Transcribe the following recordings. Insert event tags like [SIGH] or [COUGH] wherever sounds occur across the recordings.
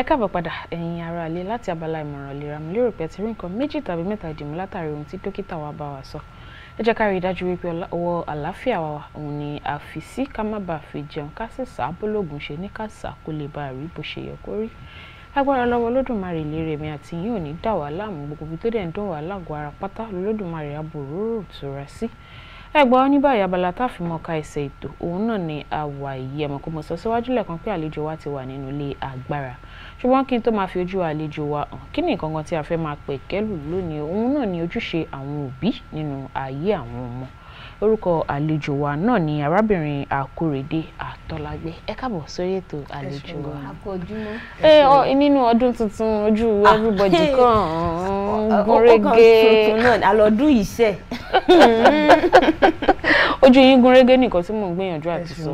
ẹ káàbọ̀ padà ẹ̀yin ará ilé láti abala ìmọ̀ràn ìlera mo lérò pé ẹ ti rí nǹkan méjì tàbí mẹ́ta dìmú látàrí ohun tí dókítà wa bá wa sọ ẹ jẹ́ ká rí i dájú wípé ọwọ́ àlàáfíà wa òun ni a fi sí ká má bàa fi jẹun ká sì sá bólógùn ṣe ní ká sá kó lè bá a rí bó ṣe yẹ kó rí agbára lọ́wọ́ lódùmarè ìlérè mi àti yín ò ní dà wá láàmú gbogbo ibi tó dẹ̀ ń dùn wá lágọ̀ọ́ ara pátá lódùmarè aburú tura sí ẹgbọ́n ní báyìí abala tá a fi mọ̀ọ́ká ẹsẹ̀ ètò òun náà ni àwa yìí síwájú lẹ́ẹ̀kan pé àlejò wa ti wà nínú ilé agbára ṣùgbọ́n kí n tó máa fi ojú àlejò wa hàn kí ni nǹkan kan tí a fẹ́ máa pẹ̀kẹ́lù lónìí òun náà ni ojúṣe àwọn òbí nínú ayé àwọn ọmọ orúkọ àlejò wa náà ni arábìnrin àkòrèdé àtọ́lágbé ẹ káàbọ̀ sórí ètò àlejò wa. ẹ ọ nínú ọdún tuntun ojú everybody kan gúnrégé alọdún iṣẹ. ojú yín gúnrégé nìkan tí mò ń gbìyànjú àti sọ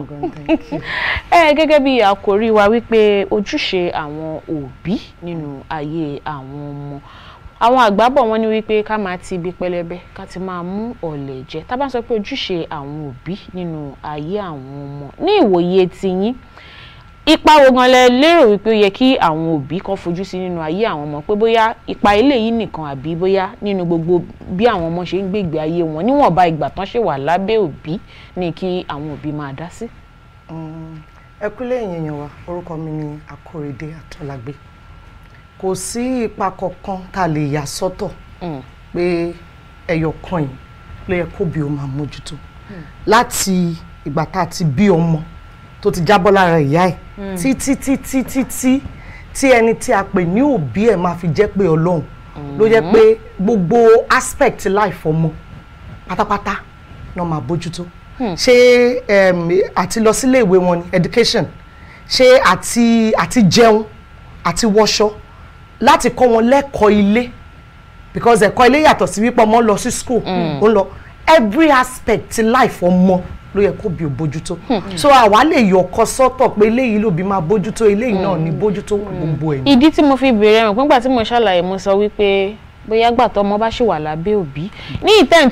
ẹ gẹ́gẹ́ bí àkòrí wa wípé ojúṣe àwọn òbí nínú ayé àwọn ọmọ àwọn àgbà bọ̀ wọ́n ní wípé ká máa ti ibi pẹlẹbẹ ká ti máa mú ọ̀lẹ̀ jẹ tá bá sọ pé ojúṣe àwọn òbí nínú ayé àwọn ọmọ ní ìwòye tiyín ipa wo gan lẹ lérò wípé ó yẹ kí àwọn òbí kan fojú sí nínú ayé àwọn ọmọ pé bóyá ipa eléyìí nìkan àbí bóyá nínú gbogbo bí àwọn ọmọ ṣe ń gbègbè ayé wọn níwọ̀nba ìgbà tán ṣe wà lábẹ́ òbí ni kí àwọn òbí máa dá sí. ẹ kúlẹ̀ èèyàn wa orúkọ mi ni Akórèdé Àtọ́lágbé kò sí ipa kankan tá a lè yà sọ́tọ̀ hmm. pé ẹyọ kan yìí ló yẹ kóbi ó máa mójútó hmm. láti ìgbà tá a ti bí ọmọ tó ti jábọ́ lára ìyá ẹ̀ hmm. títí títí títí tí ẹni tí a pè ní òbí ẹ̀ máa fi jẹ́ pé ọlọ́run ló jẹ́ pé gbogbo aspect life ọmọ pátápátá náà máa bójútó ṣé àti lọ sílé ìwé wọn ni education ṣé àti àti jẹun àti wọṣọ láti kọ́ wọn lẹ́kọ̀ọ́ ilé because ẹ̀kọ́ ilé yàtọ̀ sí wípé ọmọ lọ sí school mm. ó lọ every aspect ti life ọmọ ló yẹ kó bí o bójútó hmm. so àwa lè yọ ọkọ sọ́tọ̀ pé eléyìí ló bí máa bójútó eléyìí náà ní mm. bójútó hmm. gbogbo ẹ̀. ìdí tí mo fi béèrè rẹ̀ nígbà tí mo ṣàlàyé mo sọ wípé bóyá gbà tọmọ bá ṣì wà lábẹ́ òbí ní ìtẹ́n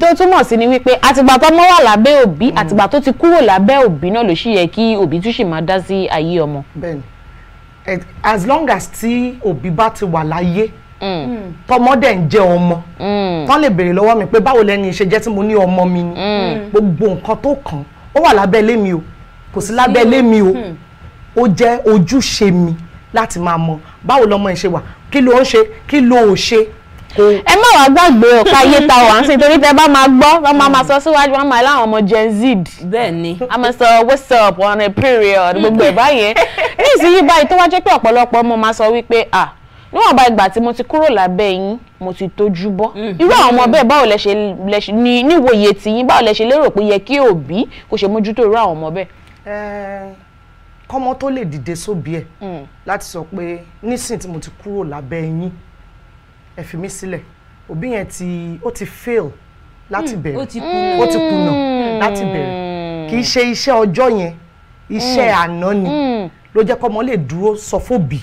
tó túmọ̀ sí ni wípé àtìgbà tọmọ wà lábẹ́ òbí hmm. àtìgbà tó ti kúrò lábẹ́ òbí náà ló ṣì yẹ kí òbí tún ṣì máa dá sí ayé ọmọ. bẹ́ẹ̀ni as long as tí òbí bá ti wà láyé mm. tọmọdé ń jẹ ọmọ mm. tán lè béèrè lọ́wọ́ mi pé báwo lẹni ṣe jẹ́ tí mo ní ọmọ mi ni mm. gbogbo nǹkan tó kàn ó wà lábẹ́ ilé mi o kò sí lábẹ́ ilé mi o ó jẹ́ ojúṣe mi láti máa mọ báwo lọmọ ẹ ṣe wà kí ló ń ṣe kí ló ò ṣe ẹ má wàá gbàgbé ọ̀ka ayé ta wà ń sìn torí tẹ bá máa gbọ́ bá máa máa sọ síwájú wọn máa láwọn ọmọ gen z. bẹ́ẹ̀ni. a máa sọ what's up on a period gbogbo ẹ̀ báyẹn ní ìsinyìí báyìí tó wá jẹ́ pé ọ̀pọ̀lọpọ̀ ọmọ máa sọ wípé ah níwọ̀nba ìgbà tí mo ti kúrò lábẹ́ yín mo ti tójú bọ́ mm. irú àwọn ọmọ bẹ́ẹ̀ báwo lẹ ṣe ní níwòye tiyín báwo lẹ ṣe lérò pé yẹ kí òbí kò ṣe mójútó irú àwọn ọmọ bẹ́ẹ̀. Eh, kọ́mọ tó lè dìde sóbì ẹ̀ mm. láti sọ pé nísìn tí mo ti kúrò lábẹ́ yín ẹ fi mí sílẹ̀ òbí yẹn ti ó ti fail láti hmm, bẹ̀rẹ̀ ó ti kùnà láti bẹ̀rẹ̀ hmm. kì í ṣe iṣẹ́ ọjọ́ yẹn iṣẹ́ hmm. àná ni ló jẹ́ kọ́mọ lè dúró sọ fóbì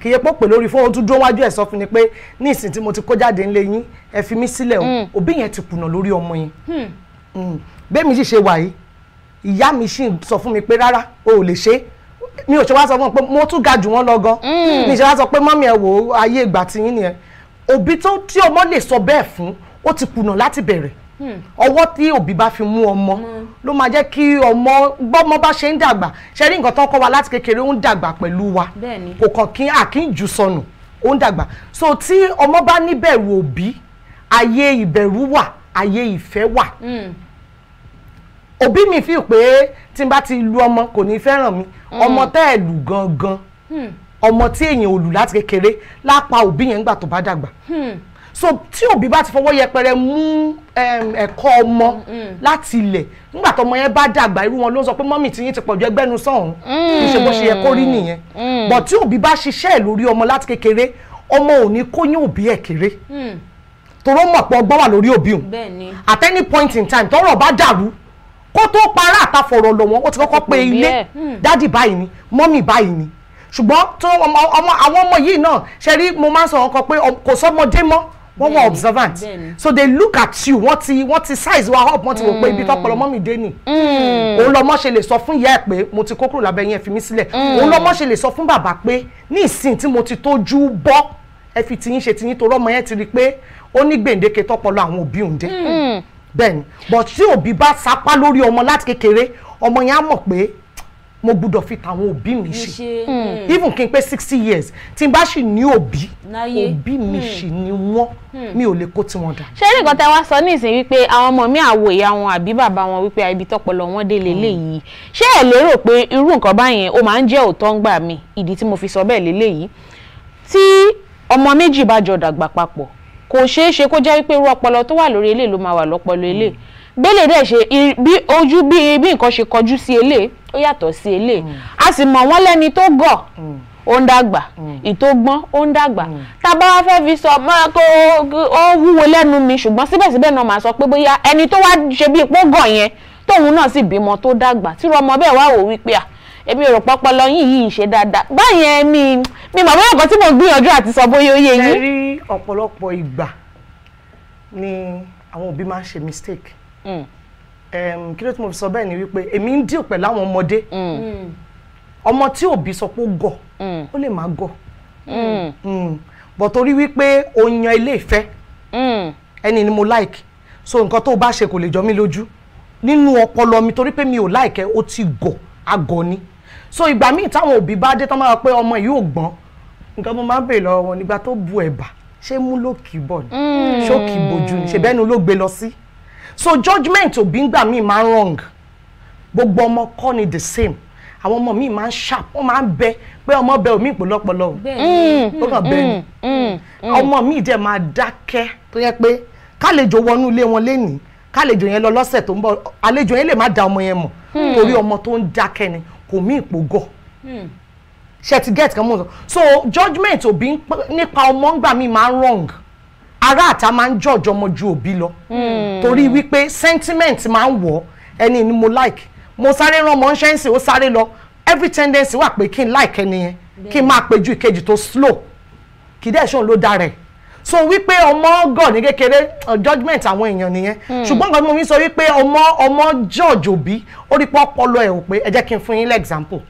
kì í yẹ pọ̀ pé lórí fóun tún dúró wájú ẹ̀ sọ fún ni pé ní ìsìn tí mo ti kó jáde ńlẹ̀ yín ẹ fi mí sílẹ̀ o òbí yẹn ti kùnà lórí ọmọ yẹn bẹ́ẹ̀ mi sì ṣe wà yìí ìyá mi sì sọ fún mi pé rárá o ò lè ṣe é mi ò ṣe wá sọ fún wọn pé mo tún ga jù wọn lọ gan mi ṣe wá sọ pé mọ́mí ẹ wò ó ayé ìgbà tiyín nìyẹn òbí tó tí ọmọ lè sọ bẹ́ẹ̀ fún ó ti kùnà láti bẹ̀rẹ̀ hmm. ọwọ́ tí òbí bá fi mú ọmọ hmm. ló máa jẹ́ kí ọmọ gbọ́mọ bá ṣe ń dàgbà ṣe rí nǹkan tó ń kọ́ wa láti kékeré ó ń dàgbà pẹ̀lú wa kò kàn kí àkínjù sọnù ó ń dàgbà so tí ọmọ bá níbẹ̀rù òbí ayé ìbẹ̀rù wà ayé ìfẹ́ wà hmm. òbí mi fi pé tí n bá ti lu ọmọ kò ní fẹ́ràn mi ọmọ tẹ́ ẹ̀ lù gangan ọmọ tí èèyàn ò lù láti kékeré lápá òbí yẹn ńgbà tó bá dàgbà hmm. so tí òbí bá ti fọwọ́ yẹpẹrẹ mú ẹ̀kọ́ ọmọ hmm. láti ilẹ̀ nígbà tó ọmọ yẹn bá dàgbà irú wọn ló sọ pé mọ́mì tí yín ti pọ̀jù ẹgbẹ́ nu sọ̀hún kì í ṣe bó ṣe yẹ kó rí hmm. nìyẹn but tí òbí bá ṣiṣẹ́ ẹ̀ lórí ọmọ láti kékeré ọmọ ò ní kóyún òbí ẹ̀ kéré tòró mọ̀ pé ọgbọ́n wà lórí òbí òun at any point in time tọ́rọ̀ bá dàrú para àtàfọ̀rọ̀ lọ wọn ó ti kọ́kọ́ pé ilé ṣùgbọ́n tó ọmọ àwọn ọmọ yìí náà ṣe rí mo máa ń sọ ọkọ pé kò sọmọdé mọ́ wọ́n wọ́n observant so they look at you wọ́n ti wọ́n ti size wa up wọ́n ti wò pé ibi tọ́pọ̀ lọ́mọ mm. mi dé nì mm. òun lọ́mọ ṣe lè sọ fún ìyá ẹ̀ pé mo ti kó kúrò lábẹ́ yẹn fi mí sílẹ̀ mm. òun lọ́mọ ṣe lè sọ fún bàbá pé ní ìsìn tí mo ti tójú bọ́ ẹ fi tiyín ṣe tiyín torọ́ ọmọ yẹn ti rí pé ó ní gbèǹdéke tọ́pọ̀lọ àwọn òbí òun dé bẹ́ẹ̀ but tí òbí bá sapá lórí ọmọ láti kékeré ọmọ yẹn á mọ̀ pé mo gbúdọ̀ fi tàwọn òbí mi ṣe hmm. even kí n pé sixty years tí n bá sì ní òbí òbí mi hmm. sì ni wọ́n hmm. mi ò lè kó tiwọn dà. ṣé nǹkan tẹ wá sọ nísìnyí wípé àwọn ọmọ mi àwo ìyá wọn àbí bàbá wọn wípé ibi tọpọlọ wọn dé lélẹyìí ṣé ẹ lérò pé irú nǹkan báyẹn ó máa ń jẹ́ òótọ́ ń gbà mí ìdí tí mo fi sọ bẹ́ẹ̀ lélẹyìí tí ọmọ méjì bá jọ dàgbà papọ̀ kò ṣeé ṣe kó jẹ́ wípé irú ọpọlọ tó wà lórí eléyìí ló máa wà lọ́pọlọ eléyìí bẹ́lẹ̀ dẹ̀ ṣe bí ojú bí bí nǹkan ṣe kọjú sí elé ó yàtọ̀ sí elé mm. a sì mọ̀ wọ́n lẹ́ni tó gọ̀ mm. ó ń dàgbà mm. ìtógbọ́n ó ń dàgbà tá a bá wá fẹ́ fi sọ kó ó wúwo lẹ́nu mi ṣùgbọ́n síbẹ̀síbẹ̀ náà màá sọ pé bóyá ẹni tó wá ṣe bí ipò gọ̀ yẹn tóun náà sì bímọ tó dàgbà tí ọmọ bẹ́ẹ̀ wá wò wípé à èmi ò rò pọpọlọ yín yìí ṣe dáadáa báyẹn mi mi mọ̀ bóyá nǹkan tí mo gbìyànjú àti sọ bóyá ó yé yín. ṣe rí ọ̀pọ̀lọpọ̀ ìgbà ni àwọn òbí máa ń ṣe mistake Mm. kí ló tí mo fi sọ bẹ́ẹ̀ ni wípé èmi ń díò pẹ̀lú àwọn ọmọdé mm. Mm. ọmọ tí òbí sọ pé ó gọ̀ ó lè má gọ̀ bọ̀ torí wípé o yan ilé ìfẹ́ ẹni ni mo like so nǹkan tó o bá ṣe kò lè jọ mí lójú nínú ọpọlọ mi torí pé mi ò like ẹ ó ti gọ̀ agọ̀ ni so ìgbà míì táwọn òbí bá dé tán máa pé ọmọ yìí ò gbọ́n nǹkan mo máa ń bèèrè lọ́wọ́ wọn nígbà tó bu ẹ̀bà ṣé mú ló kì í bọ̀ ni ṣó kì í bojú ni ṣèbẹ́nu ló gbé lọ sí. Si so judgment, òbí ń gbà mí máa wrong gbogbo ọmọ kọ́ ni the same àwọn ọmọ mi máa ń sharp wọ́n máa ń bẹ pé ọmọ bẹ omi ìpolọpọlọ ó kàn bẹ ni mm, mm, mm. ọmọ mi dẹ̀ máa dákẹ́ tó yẹ pé kálejò wọnú ilé wọn lénìí le yẹn lọ lọ́sẹ̀ tó ń bọ̀ àlejò yẹn lè má da ọmọ yẹn mọ̀ torí ọmọ tó ń dákẹ́ ni kò mí ìpò gọ̀ ti get kan mọ̀ so judgment, òbí nípa ọmọ ń gbà mí máa wrong. Mm ará àta máa ń judge ọmọ ju òbí lọ hmm. torí wípé sentiment máa ń wọ̀ ẹni ni mo like mo sáré rán ọmọ ṣẹ́ ń sìn ó sáré lọ every tendency wà pé kí n like ẹni yẹn kí n máa pe ju ìkejì tó slow kì í dẹ̀ ṣóun ló dára ẹ̀ so wípé ọmọ gọ̀ ní kékeré uh, judgement àwọn èèyàn nìyẹn hmm. ṣùgbọ́n nǹkan tí mo fi sọ wípé ọmọ ọmọ judge òbí ó rí pé ọpọlọ ẹ̀ ò pé ẹ jẹ́ kí n fún yín lẹ́gzàmpù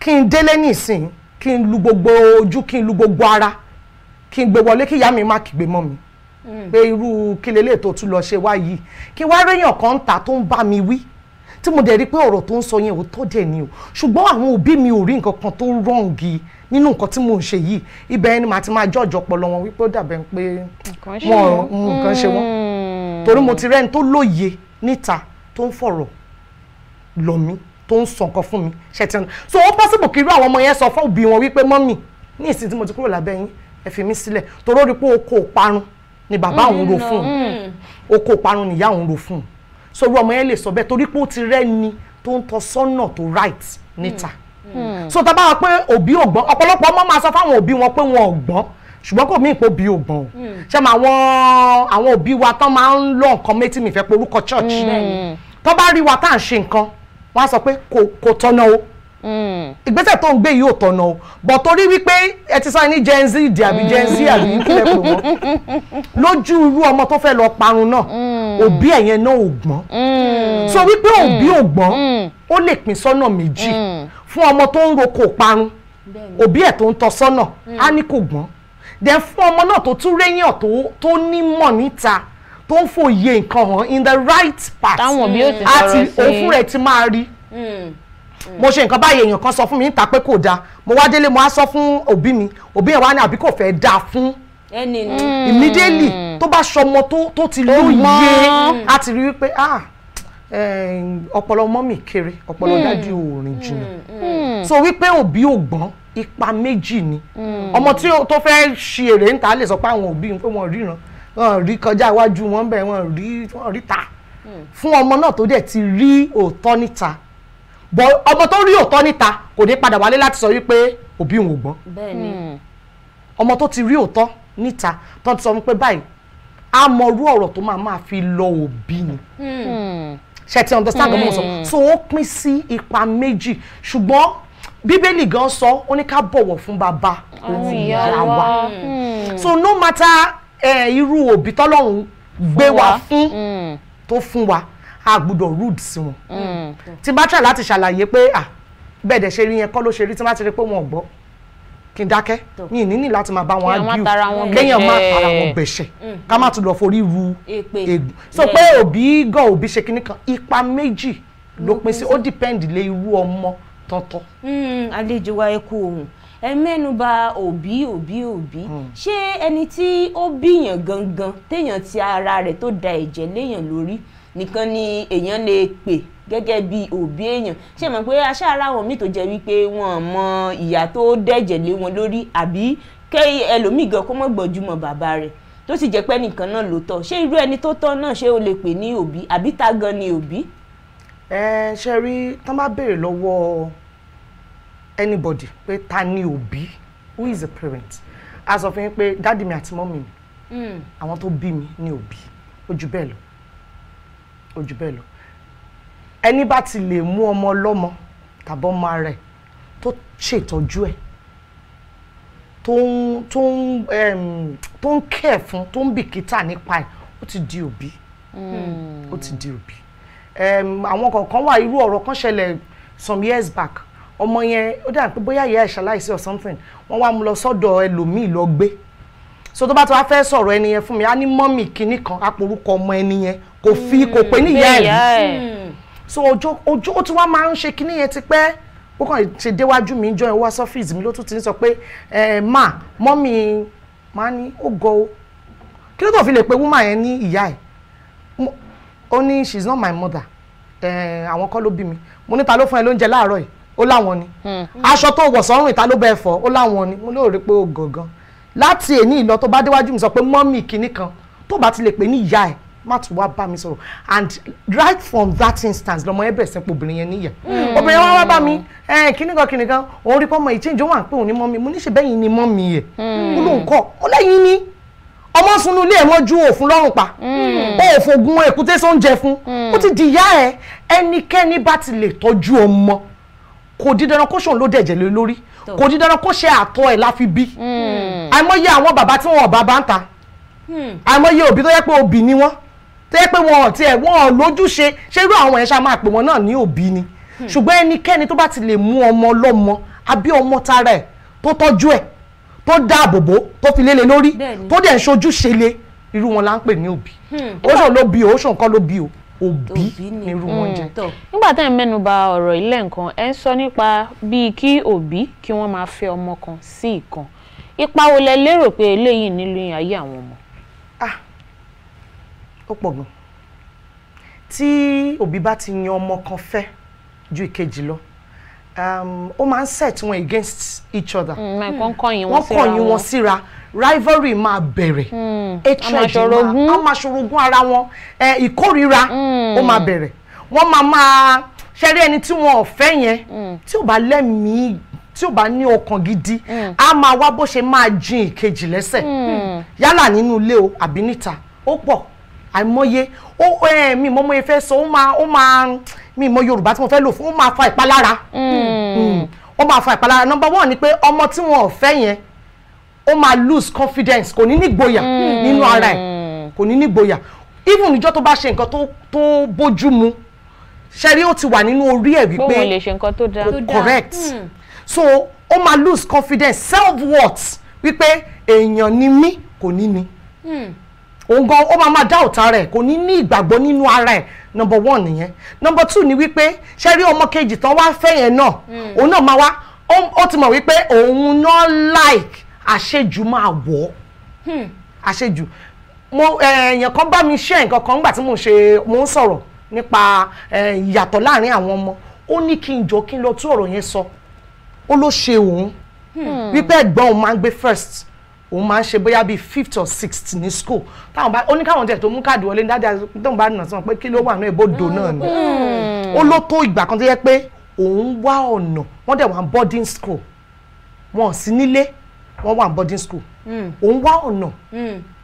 kí n délé nísìn kí n lu gbogbo ojú kí n lu gbogbo ara kí n gbé wọlé kí ìyá mi má kígbe mọ́ mi mm. pé irú kí lélẹ́yìí tó tún lọ ṣe wá yìí kí wá réyàn kan ń ta tó ń bá mi wí tí mo dẹ̀ rí i pé ọ̀rọ̀ tó ń sọ yẹn ò tọ́ dẹ̀ ni o ṣùgbọ́n àwọn òbí mi ò rí nǹkan kan tó rọ̀ǹgì nínú nǹkan tí mò ń ṣe yìí ibẹ̀ ẹni màá ti máa jọ́jọ́ ọpọlọ wọn wípé ó dàbẹ̀ pé wọn nǹkan ṣe wọn mm. torí mo ti rẹ́ni tó lóye níta tó ń fọ̀rọ̀ lọ̀ mí tó ń sọ nǹkan fún mi ṣẹ̀tìrán so ó pọ́sibù kí irú àwọn ọmọ yẹn sọ fún òbí wọn wípé mọ́mì ní ìsìn tí mo ti kúrò lábẹ́ yín ẹ fi mí sílẹ̀ torí ó rí pé oko parun ni bàbá òun mm, ro fún un mm. oko parun ni ìyá òun ro fún un so irú ọmọ yẹn lè sọ bẹ́ẹ̀ torí pé ó ti rẹ́ni tó ń tọ́ sọ́nà tó right níta mm, so tá a bá wá pé òbí ò gbọ́n ọ̀pọ̀lọpọ̀ ọmọ máa sọ fáwọn òbí wọn pé wọn ò gbọ́n ṣùgbọ́n kò mí ìpò bí ògbọ̀n o ṣe mọ àwọn àwọn òbí wa tán máa ń lọ nǹkan méjì mi fẹ́ pé orúkọ church tó bá rí wa tá à ń ṣe nǹkan wọ́n á sọ pé kò tọ́nà o Mm. ìgbésẹ̀ tó ń gbé yìí ò tọ̀nà o bọ̀ torí wípé ẹ ti sáà ní gen z di àbí gen z àbí kílẹ̀ pè wọ́n mm. lójú irú ọmọ tó fẹ́ lọ parun náà mm. òbí ẹ̀yẹn náà ò gbọ́n so wípé òbí ò gbọ́n ó lè pín sọ́nà méjì fún ọmọ tó ń roko parun òbí ẹ̀ tó ń tọ́ sọ́nà á ní kò gbọ́n then fún ọmọ náà tó tún réyàn tó nímọ̀ níta tó ń fòye nǹkan hàn in the right part àti òfin rẹ̀ ti máa rí. Mm. mo ṣe nǹkan báyìí èèyàn kan sọ fún mi níta pé kò dáa mo wá délé mo wá sọ fún òbí mi òbí yẹn wá ní àbí kò fẹ́ dáa fún ẹni ni mm. immediately tó bá ṣọmọ tó ti lóye a ti rí wípé ah eh, ọpọlọ mọ́mì kéré ọpọlọ dájú òòrìn jìnnà so wípé òbí ò gbọ́n ipa méjì ni mm. ọmọ tí tó fẹ́ ṣe èrè ń ta lè sọ pé àwọn òbí ń pé wọ́n ríran wọ́n rí kọjá iwájú wọn bẹ̀ wọ́n rí ta fún ọmọ náà tó dẹ̀ ti rí òótọ́ níta bọ ọmọ tó rí òótọ́ níta kò ní padà wálé láti sọ wípé òbí òun ò gbọ́n hmm. ọmọ tó ti rí òótọ́ níta tó ti sọ wípé báyìí a mọ irú ọ̀rọ̀ tó máa máa fi lọ òbí ni hmm. ṣe ti understand ọmọ sọ hmm. so ó pín sí ipa méjì ṣùgbọ́n bíbélì gan sọ ó ní ká bọ̀wọ̀ fún bàbá òun ìyá wa so no matter eh, irú òbí tọ́lọ́run gbé wa fún tó fún wa a gbúdọ̀ rude sí wọn. Mm. tí bá try láti ṣàlàyé pé ah bẹ́ẹ̀ dẹ̀ ṣe rí yẹn kọ́ ló ṣe rí tí wọ́n ti rí pé wọn ò gbọ́ kí n dákẹ́ mi ì níní láti máa bá wọn argue kéèyàn má tara wọn gbẹ̀ṣẹ̀ mm. ká má tún lọ forí ru egbò so pé òbí gọ̀ òbí ṣe kinní kan ipa méjì ló pín sí ó depend lé irú ọmọ tọ́tọ́. Mm, àlejò wa ẹ kú ohun ẹ mẹ́nuba òbí òbí òbí ṣé ẹni tí ó bíyàn gangan téèyàn ti ara rẹ̀ tó da ẹ̀jẹ̀ léèyàn lórí nìkan ni èèyàn lè pè gẹ́gẹ́ bí òbí èèyàn ṣé mọ̀ pé aṣáára àwọn míì tó jẹ́ wípé wọ́n mọ ìyá tó dẹ̀jẹ̀ lé wọn lórí àbí kẹ́ ẹlòmíì gan kó mọ̀ gbọ́júmọ̀ bàbá rẹ̀ tó sì jẹ́ pé nìkan náà ló tọ́ ṣé irú ẹni tó tọ́ náà ṣé o lè pè ní òbí àbí ta gan ni òbí. ẹ ṣe rí tán bá béèrè lọ́wọ́ anybody pé ta ni òbí who is a parent a sọ fún yín pé dáàdì mi àti mọ́mì mi hmm. àwọn tó bí mi ni òbí ó ju bẹ́ẹ̀ lọ ojú bẹ́ẹ̀ lọ ẹni bá ti lè mú ọmọ ọlọ́mọ tàbí ọmọ rẹ̀ tó ṣètọ́jú ẹ̀ tó ń tó ń tó ń kẹ̀ fún tó ń bìkítà nípa ẹ̀ ó ti di òbí hmm. ó ti di òbí àwọn kọ̀ọ̀kan wà irú ọ̀rọ̀ kan ṣẹlẹ̀ some years back ọmọ yẹn ó dà pé bóyá ìyá ẹ̀ ṣaláìsí or something wọ́n wá mú lọ sọ́dọ̀ ẹlòmíì lọ gbé. Mm so tó bá ti wá fẹ́ sọ̀rọ̀ ẹni yẹn fún mi á ní mọ́mì kinní kan aporúkọ ọmọ ẹni yẹn kò fi kò pé níyà ẹ̀ hmm. so ojo ojo ó ti wá máa ń ṣe kinní yẹn ti pẹ́ ó kàn ṣe déwájú mi jọ ẹ wá sọ́fíìsì mi ló tún ti ń sọ pé ẹ má mọ́mì má o kí ló tó fi lè pe woman yẹn ní ìyá ẹ̀ ó she is not my mother àwọn kọ́ ló bí mi mo níta ló fún ẹ lóúnjẹ láàárọ̀ yìí ó láwọn ni hmm. aṣọ tó wọ̀ sọ́rùn ìta ló bẹ́ẹ̀ fọ́ ó láwọn ni mo lóòrè pé ó gọ̀ọ̀gan láti èní ìlọ tó bá déwájú mi sọ pé mọ́mì kìíní kan tó bá ti lè pè ní ìyá ẹ̀ má tún wá bá mi sọ̀rọ̀ and right from that instance lọmọ ẹ bẹ̀rẹ̀ sẹ́pọ̀ obìnrin yẹn níyà hmm. obìnrin wa wá bá mi kíní kan kíní kan òun rí pọ́nmọ ìchange òun à ń pè òun ní mọ́mì mo níṣẹ́ bẹ́yìn ni mọ́mì yẹ ó hmm. lóun kọ́ ó lẹ́yìn ni ọmọ sunu ilé ẹ̀ mọ́jú òfun lọ́rùn pa hmm. òfun ogun èkúté sóúnjẹ fún ó ti di ìyá ẹ ẹnikẹ́ni bá ti lè tọ́jú ọmọ kò di dandan kó ṣòun ló dẹ̀jẹ̀ lé lórí kò di kó ṣe àtọ̀ ẹ̀ la bí àìmọye àwọn bàbá tí wọn ò bàbá ń ta hmm. àìmọye òbí tó yẹ pé òbí ni wọn tó yẹ pé wọn ò tiẹ̀ wọn ò lójúṣe ṣé irú àwọn ẹ̀ṣá máa pè wọn náà ní òbí ni hmm. ṣùgbọ́n ẹnikẹ́ni tó bá ti lè mú ọmọ lọ́mọ àbí ọmọ tara ẹ̀ tó tọ́jú ẹ̀ tó dáàbò bò tó fi lélẹ̀ lórí tó dẹ̀ ń ṣojú ṣe le irú wọn la ń pè ní òbí oṣù hmm. ló bí o oṣù nǹkan ló bí o òbí ni irú wọn jẹ. nígbà tá ẹ mẹ́nu bà ọ̀rọ̀ ilé nǹkan ẹ ń sọ nípa bíi kí òbí kí wọ́n máa fẹ́ ọmọ kan sí ìkan ipa wo lẹ lérò pé eléyìí nílò ayé àwọn ọmọ. ah ó pọ̀ gan tí òbí bá ti yan ọmọ kan fẹ́ ju ìkejì lọ um, ó máa ń set wọn against each other mm, hmm. wọ́n kọ̀yìn wọn síra rivalry máa bẹ̀rẹ̀ hmm, hatred máa amáṣorogún ara wọn ìkórira ó hmm. máa bẹ̀rẹ̀ wọ́n máa máa ṣẹ́rí ẹni tí wọn ò fẹ́ yẹn tí ò bá lẹ́mìí tí ò bá ní ọkàn gidi mm. a máa wá bó ṣe máa jin ìkejì lẹ́sẹ̀ mm. yálà nínú ilé o àbí níta ó pọ̀ àìmọye ó ẹ mi mọ mọye fẹ́ sọ ó máa ó máa mi mọ Yorùbá tí mo fẹ́ lò fún ó máa fa ìpalára mm. ó máa fa ìpalára number one ni pé ọmọ tí wọn ò fẹ́ yẹn ó máa lose confidence kò ní nígboyà nínú ara ẹ̀ kò ní nígboyà even níjọ́ tó bá ṣe nǹkan tó tó bójú mu ṣe rí ó ti wà nínú orí ẹ̀ wípé correct. Mm so ó máa lose confidence self worth wípé èèyàn ni mí kò ní ni hmm. òun gan ó máa máa dá òta rẹ̀ kò ní ní ìgbàgbọ́ ara ẹ̀ number one nìyẹn number two ni wípé ṣe rí ọmọ kejì tán wa fẹ́ yẹn náà hmm. òun náà máa wá ó ti mọ̀ wípé òun no like àṣejù máa wọ̀ ọ́ hmm. àṣejù mo èèyàn kan bá mi ṣe nǹkan kan nígbà tí mo ṣe mo soro sọ̀rọ̀ nípa ìyàtọ̀ láàrin àwọn ọmọ ó ní kí n jọ kí n lọ So ó ló ṣe òun hmm. wípé ẹ̀gbọ́n òun máa ń gbé first òun máa ń ṣe bóyá bíi fifth or sixth ní school táwọn bá ó ní káwọn jẹ tó mú káàdì wọlé dáadáa tóun bá nà sí wọn pé kí ló wà ní ìbòdò náà ni hmm. ó ló tó ìgbà kan tó yẹ pé òun wá ọ̀nà wọ́n dẹ̀ wà ní boarding school wọn ò sí nílé wọ́n wà ní boarding school hmm. òun wá ọ̀nà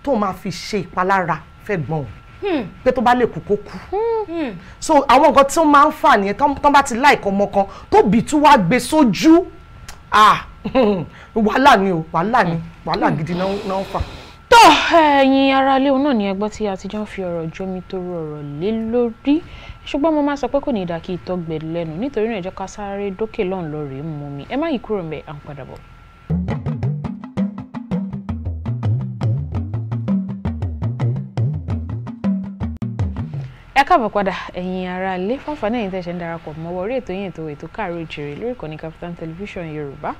tóun máa fi ṣe ìpalára fẹ́gbọ́n òun. Hmm. pé tó bá lè kú kó kú hmm. Hmm. so àwọn nǹkan tí wọ́n máa ń fà nìyẹn tó bá ti láìkọ́ ọmọ kan tóbi tún wá gbé sójú ah, [LAUGHS] wàhálà ni o wàhálà ni wàhálà gidi náà ń fà. tó ẹ̀yin ara ilé òun náà ni ẹgbọ́n tí àtijọ́ ń fi ọ̀rọ̀ jómi tó rọrọ̀ lé lórí ṣùgbọ́n mo máa sọ pé kò ní ìdá kí ìtọ́gbẹ lẹ́nu nítorí náà ẹ jẹ́ ká sáré dókè lọ́hùn lọ rèé mú mi ẹ má yí kúrò ń à ń padà bọ̀. ẹ káàbọ̀ padà ẹ̀yin ará ilé fáfáná ẹ̀yin tẹ̀sẹ̀ ń darapọ̀ mọ́wọ́ orí ètò yín ètò ètò káàárọ̀ oòjíire lórí ìkànnì Kaftan television yorùbá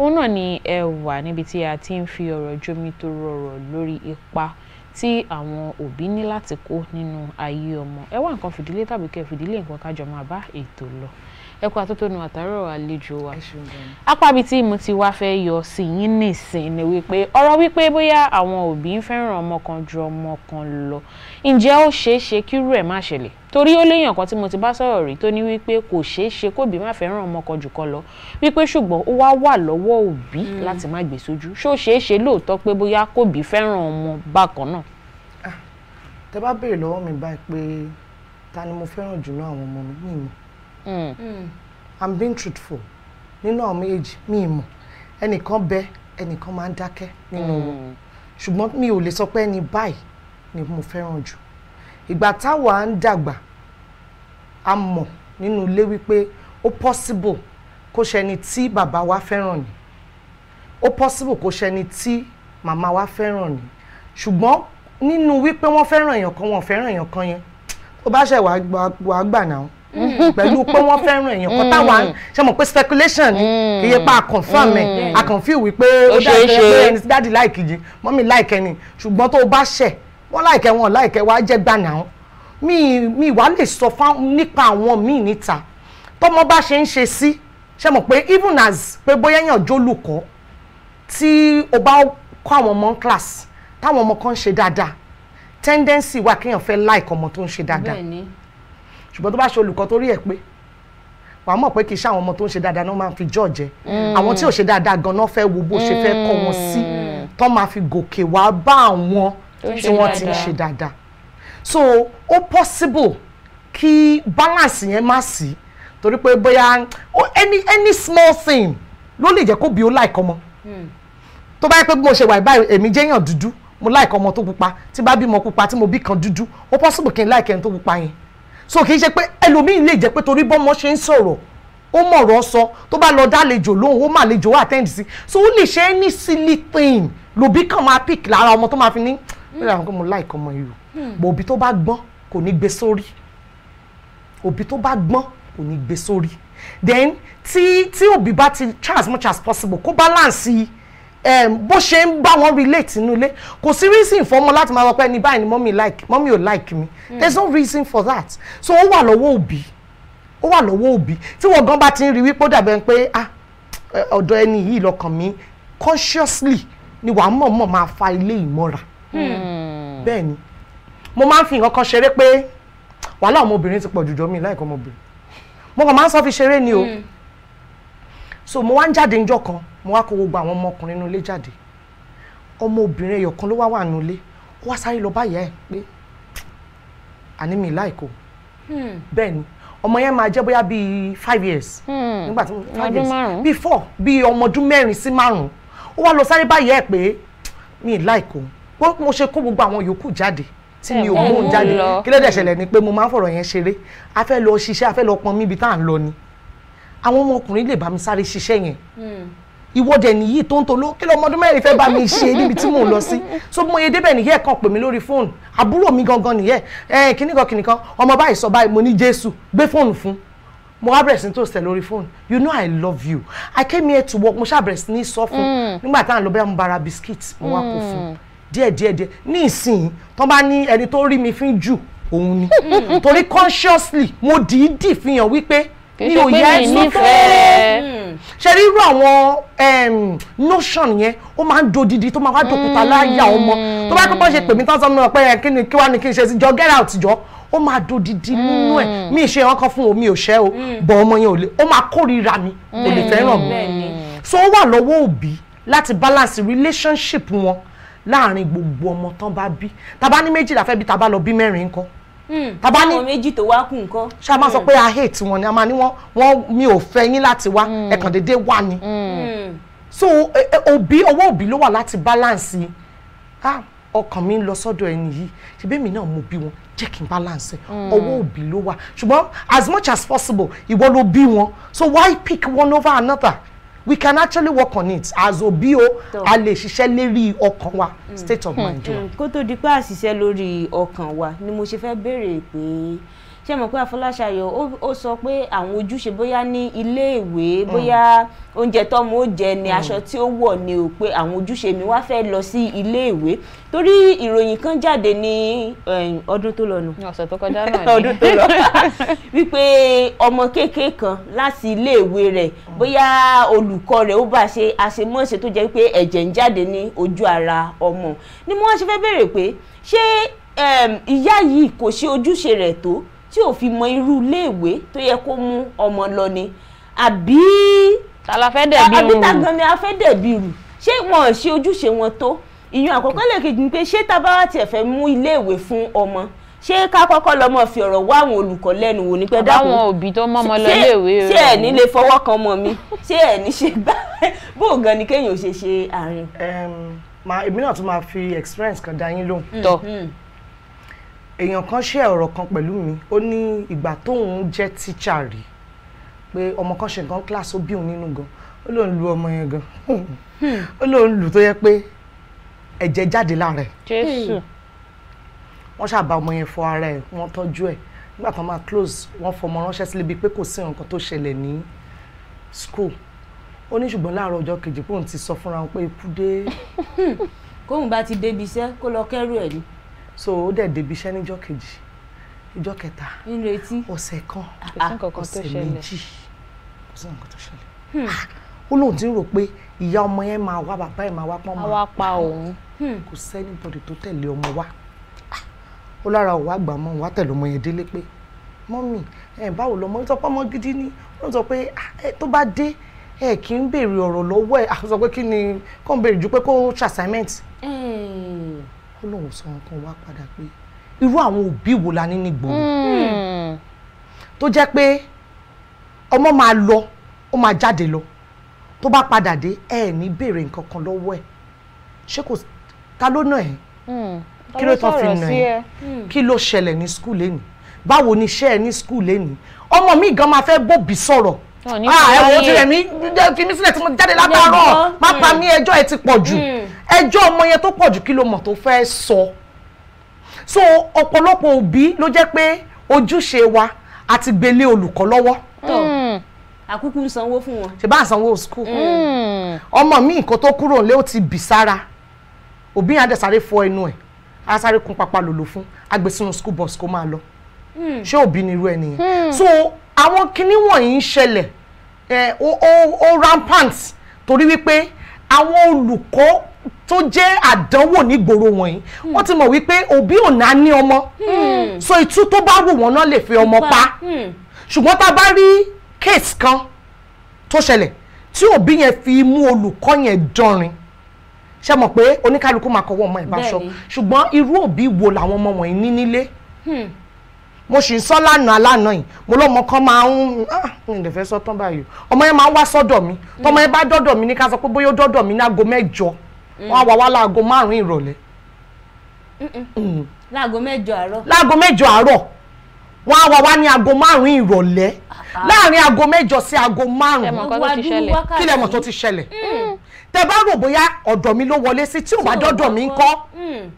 òun náà ni ẹ wà níbi tí a ti ń fi ọ̀rọ̀ jomi tó rọrọ̀ lórí ipa tí àwọn òbí ní láti kó nínú ayé ọmọ ẹ wá nǹkan fìdílé tàbí kẹ́ fìdílé nǹkan kájọ máa bá ètò lọ ẹ kú àtótónu àtàárọ̀ àlejò wa apábi tí mo ti wá fẹ́ yọ sí yín nìsín ni wípé ọ̀rọ̀ wípé bóyá àwọn òbí ń fẹ́ràn ọmọ kan ju ọmọ kan lọ ǹjẹ́ ó ṣeé ṣe kírú ẹ̀ má ṣẹlẹ̀ torí ó léèyàn kan tí mo ti bá sọ̀rọ̀ rí tó ní wípé kò ṣeé ṣe kóbi má fẹ́ràn ọmọ kan jù kan lọ wípé ṣùgbọ́n ó wá wà lọ́wọ́ òbí hmm. láti má gbé sójú ṣó ṣeé ṣe lóòótọ́ pé bóyá kóbi fẹ́ràn ọmọ bákan náà. Ah, tẹ bá béèrè lọ́wọ́ mi báyìí pé ta ni mo fẹ́ràn jù àwọn ọmọ mi Mm. Mm. i'm being truthful nínú àwọn méjì mi ì mọ̀ ẹnìkan bẹ ẹnìkan máa ń dákẹ́ nínú wọn mm. ṣùgbọ́n mi ò lè sọ pé ẹni báyìí ni mo fẹ́ràn jù ìgbà táwa ń dàgbà a mọ̀ nínú ilé wípé ó possible kó ṣẹni tí bàbá wa fẹ́ràn ni ó possible kó ṣẹni tí màmá wa fẹ́ràn ni ṣùgbọ́n nínú wípé wọ́n fẹ́ràn èèyàn kan wọ́n fẹ́ràn èèyàn kan yẹn ó bá ṣe wàá gbà náà Mm. pẹ̀lú pé wọ́n fẹ́ràn èèyàn kan táwa ṣe mọ̀ mm. pé speculation ni mm. kì í pa confirm ẹ̀ a kàn fi wípé ó dáa pé ẹni tí dáàdi láìkì yìí mọ́mí láìkẹ́ ni ṣùgbọ́n tó o bá ṣẹ̀ wọ́n láìkẹ́ wọn láìkẹ́ wàá jẹ́ gbà náà mi mi wàá lè sọ fáwọn nípa àwọn míì níta tọ́mọ bá ṣe ń ṣe sí ṣe mọ̀ pé even as pé bóyá èèyàn jólùkọ́ tí o bá kọ́ àwọn ọmọ class táwọn ọmọ kan ń ṣe dáadáa tendency wà kéèyàn fẹ́ láìkọ́ ọmọ tó ń ṣe dáadáa ṣùgbọ́n tó bá ṣe olùkọ́ tó rí ẹ̀ pé wàá mọ̀ pé kì í ṣe àwọn ọmọ tó ń ṣe dáadáa náà máa fi jọ́ọ̀jẹ́ mm. àwọn tí ò ṣe dáadáa gan-an fẹ́ wo bó ṣe fẹ́ kọ́ wọn sí mm. tó máa fi gòkè wá bá àwọn tí wọ́n ti ń ṣe dáadáa so ó possible kí balance yẹn má sí torí pé bóyá any small thing ló lè jẹ́ kó bí ó láìkọ́ mọ́ mm. tó bá yẹ pé mo ṣe wà báyìí èmi jẹ́yàn dúdú mo láìkọ́ ọmọ tó pupa tí bá bímọ pupa tí mo bí kan dúdú ó possible kí n láìkẹ́ ẹni tó pupa yẹn so kì í ṣe pé ẹlòmíín lè jẹ́ pé torí bọ́mọ ṣe ń sọ̀rọ̀ ó mọ̀rọ̀ sọ tó bá lọ dálejò lóhùn ó mà lejò attend sí so ó lè ṣe é ní silly lòbí kàn máa pick lára ọmọ tó máa fi ní lórí àwọn ọmọ láìka ọmọ yìí hmm. òbí tó bá gbọ́n kò ní gbé sórí òbí tó bá gbọ́n kò ní gbé sórí then tí tí òbí bá ti try as much as possible kó balance yìí bó ṣe ń bá wọn relate nínú ilé kò sí reason for ọmọ láti máa wọ pé ní báyìí ni mọ́mí like mọ́mí ò like mi mm. there's no reason for that so ó wà lọ́wọ́ òbí ó wà lọ́wọ́ òbí tí wọ́n gan bá ti ń rí wípé ó dàbẹ̀ pé ah ọ̀dọ̀ ẹni yìí lọ́kàn mi consciously ni wàá mọ̀ọ́mọ̀ máa fa ilé ìmọ́ra hmm. bẹ́ẹ̀ ni mo máa ń fi nǹkan kan ṣeré pé wàhálà ọmọbìnrin ti pọ̀ jùjọ mi láìkọ́ ọmọbìnrin mo kàn máa ń sọ fi ṣeré ni o. Mm so mo wá ń jáde níjọ́ kan mo wá kó gbogbo àwọn ọmọkùnrin nínú ilé jáde ọmọbìnrin ẹyọ kan ló wá wà nínú ilé ó wá sáré lọ báyìí ẹ pé àní mi hmm. ọmọ yẹn máa jẹ́ bóyá bíi five years hmm. nígbà tí five years before four bíi ọmọ ọdún mẹ́rin sí márùn o ó wá lọ sáré báyìí ẹ pé mi láìkó mo ṣe kó gbogbo àwọn yòókù jáde tí mi ò mú un jáde kí ló dẹ̀ ṣẹlẹ̀ ni pé mo máa ń fọ̀rọ̀ yẹn ṣeré a fẹ́ lọ ṣiṣẹ́ a fẹ́ lọ pọn ibi tá à ń lọ ni àwọn ọmọkùnrin lè bá mi sáré ṣiṣẹ́ yẹn hmm. ìwọ́dẹ nìyí tó ń tolo kí lọ́mọ ọdún mẹ́rin fẹ́ bá mi ṣe níbi tí mò ń lọ sí [LAUGHS] so bí mo yẹ débẹ̀ nìyẹn kan pè mí lórí fóònù àbúrò mi gangan nìyẹn ẹ kìnnìkan kìnnìkan ọmọ báyìí sọ báyìí mo ní Jésù gbé fóònù fún mo wá bẹ̀rẹ̀ sí tó sẹ̀ lórí fóònù you know I love you I came here to work mo ṣáà bẹ̀rẹ̀ sí ní sọ fún hmm. nígbà táwọn lọ bẹ́ẹ̀ mo bara biscuit mo wá kó fún hmm. díẹ̀ díẹ̀ díẹ̀ ní ìsìn tó bá ní ẹni tó rí mi fín jù òun ni torí consciously mo dìídì fihàn wípé mi ò yẹ ẹ sọ tó hmm. ṣe rí àwọn notion yẹn ó máa ń do didi tó máa wá dòkúta hmm. láyà ọmọ tó bá kọ́kọ́ ṣe pè mí tán sọ́nà pé kí ni kí wá ni kí n ṣe sí jọ get out jọ ó máa do didi nínú ẹ̀ hmm. mi ìṣe ọkọ fún omi òṣẹ́ o bọ̀ ọmọ yẹn ò lè ó máa kórìíra mi kò lè fẹ́ràn mi so ó wà lọ́wọ́ òbí láti balance relationship wọn láàrin gbogbo ọmọ tán bá bí tá bá ní méjì la fẹ́ bí tá bá lọ bí mẹ́rin ńkọ́ Hmm. tàbá ní àwọn méjì to wá kù nǹkan. ṣé a máa sọ hmm. pé hate wọn ni a máa ní wọn wọn mi ò fẹ́ yín láti wá hmm. ẹ̀kan déédéé wà ni so e, e, òbí ọwọ́ òbí ló wà láti balance ah ọkàn mi ń lọ sọ́dọ̀ ẹni yìí ṣebí èmi náà mo bí wọn jẹ́ kí n balance ọwọ́ òbí ló wà ṣùgbọ́n as much as possible ìwọ ló bí wọn so why pick one over another we can actually work on it as òbí o a lè ṣiṣẹ́ lérí ọkàn wa mm. state of hmm. mind wa. Hmm. kó tó di pé àṣìṣe lórí ọkàn wa ni mo ṣe fẹ́ béèrè pé ṣé mọ̀ pé Afọláṣayọ̀ ó sọ pé àwọn ojúṣe bóyá ní ilé mm. bóyá oúnjẹ tọ́mọ ó jẹ ni mm. aṣọ tí ó wọ̀ ni ò pé àwọn ojúṣe mi wá fẹ́ lọ sí ilé ìwé torí ìròyìn kan jáde ní eh, ọdún tó lọ nù ọ̀sẹ̀ tó kọjá náà [LAUGHS] ni ọdún tó lọ [LAUGHS] wípé ọmọ kéèké kan láti ilé ìwé rẹ̀ mm. bóyá olùkọ́ rẹ̀ ó bá ṣe àṣemọ́ṣe tó jẹ́ pé ẹ̀jẹ̀ ń jáde ní ojú ara ọmọ ni mo wá ṣe fẹ́ béèrè pé ṣé ehm, ìyá yìí kò ṣe ojúṣe rẹ̀ tó tí ò fi mọ irú iléèwé tó yẹ kó mú ọmọ lọ ni àbí àbí tàgàn ni a fẹ́ dẹ̀bi rù ṣé wọn ò ṣe ojúṣe wọn tó ìyún àkọ́kọ́ lẹ́ẹ̀kejì ni pé ṣé tábàwá tiẹ̀ fẹ́ mú iléèwé fún ọmọ ṣé ká kọ́kọ́ lọ mọ̀ fi ọ̀rọ̀ wá àwọn olùkọ́ lẹ́nu wò ní pẹ́ dákun àwọn òbí tó mọ́mọ́ lọ léèwé rẹ̀ ṣé ẹ̀ ní lè fọwọ́ kan mọ́ mi ṣé ẹ̀ ní ṣe gbá [LAUGHS] bó gan ni kéèyàn ṣe ṣe àárín. èmi náà tún máa fi experience kan dá yín lóhùn. Mm-hmm èèyàn kan ṣe ọ̀rọ̀ kan pẹ̀lú mi ó ní ìgbà tóun jẹ́ tíṣà rí pé ọmọ kan ṣe nǹkan kíláàsì ó bí òun nínú gan ó lóun lu ọmọ yẹn gan hmm. ó lóun lù tó yẹ pé ẹ̀jẹ̀ jáde lára ẹ̀ jésù hmm. wọ́n ṣàbá ọmọ yẹn fọ ara ẹ̀ wọ́n tọ́jú ẹ̀ nígbà tó máa close wọ́n fọmọ ránṣẹ́ sílé bíi pé kò sí nǹkan tó ṣẹlẹ̀ ní school ó ní ṣùgbọ́n láàárọ̀ ọjọ́ kejì pé òun ti sọ fúnra wọn pé ikú dé. [LAUGHS] kóun bá ti débi iṣẹ́ kó lọ kẹ́rù ẹ̀ ni so ó dẹ̀ débi iṣẹ́ níjọ́ kejì ìjọ́ kẹta ọ̀sẹ̀ kan ah, ọ̀sẹ̀ méjì ọ̀sẹ̀ nǹkan tó ṣẹlẹ̀ hmm. ah, ó lóun ti ń rò pé ìyá ọmọ yẹn máa wá bàbá yẹn máa wá pọ́n máa pa òun hmm. kò sẹ́ni bọ̀dì tó tẹ̀lé ọmọ wa ah, ó lára òun wá gbà mọ́ òun wá tẹ̀lé ọmọ yẹn délé pé mọ́mì ẹ̀ báwo lọ́mọ ó sọ pé ọmọ gidi ni ó sọ pé tó bá dé ẹ kì í béèrè ọ̀rọ̀ lọ́wọ́ ẹ̀ àwọn sọ pé kí ni kò ń béèrè ju pé kó ṣàṣàmẹ́ǹtì ó lóun sọ nǹkan wá padà pé irú àwọn òbí wo la ní nígboro hmm. tó jẹ́ pé ọmọ máa lọ ó máa jáde lọ tó bá padà dé ẹ ní béèrè nǹkan kan lọ́wọ́ ẹ̀ ṣé kò ta ló nà ẹ́ hmm. kí ló tán fi nà ẹ́ hmm. kí ló ṣẹlẹ̀ ní skul lẹ́nu báwo ni iṣẹ́ ẹ ní skul lẹ́nu ọmọ mi gan máa fẹ́ bòbí sọ̀rọ̀ ah ẹ wo tirẹ̀ mi kí ni sílẹ̀ tí mo jáde látàárọ̀ má pa mí ẹjọ́ ẹ ti pọ̀ jù ẹjọ́ ọmọ yẹn tó pọ̀ jù kí ló mọ̀ tó fẹ́ sọ so ọ̀pọ̀lọpọ̀ òbí ló jẹ́ pé ojúṣe wa àti gbélé olùkọ́ lọ́wọ́ àkúkú ń sanwó fún wọn. ṣe bá sanwó skul. Hmm. ọmọ mi nǹkan tó kúrò nílé ó ti bì sára òbí yẹn á dẹ̀ sáré fọ ẹnu ẹ̀ á kún pápá lòlò fún agbésínú skul bus kó máa lọ hmm. ṣé òbí ni irú ẹ nìyẹn. Hmm. so àwọn kinní wọ̀nyí ń ṣẹlẹ̀ ó rampant torí wípé àwọn olùkọ́ tó jẹ́ àdánwò nígboro wọ̀nyí hmm. wọ́n ti mọ̀ wípé òbí ò náà ní ọmọ hmm. so ìtú tó bá wù wọ́n náà lè fi ọmọ pa hmm. ṣùgbọ́n tá a bá rí case kan tó ṣẹlẹ̀ tí òbí yẹn fi mú olùkọ́ yẹn dánrin ṣe mọ̀ pé oníkálukú máa kọ́wọ́ ọmọ ìbáṣọ ṣùgbọ́n irú òbí wo làwọn ọmọ wọ̀nyí ní nílé mo sì ń sọ lánàá lánàá yìí mo lọ́mọ kan máa ń ah, mi ò lè fẹ́ sọ tán báyìí ọmọ yẹn máa ń wá sọ́dọ̀ mi tọmọ yẹn bá dọ́dọ̀ mi ní ká sọ pé bóyá ó dọ́dọ̀ mi ní aago mẹ́jọ wọ́n á wà wá láago márùn-ún ìrọ̀lẹ́. láago mẹ́jọ àárọ̀. láago mẹ́jọ àárọ̀ wọ́n á wà wá ní aago márùn-ún ìrọ̀lẹ́ láàrin aago mẹ́jọ sí aago márùn-ún kí lẹ́mọ̀ tó ti ṣẹlẹ̀ mm. tẹ bá rò bóyá ọ̀dọ̀ mi ló wọlé sí tí ò bá dọ́dọ̀ mi ń kọ́ mm.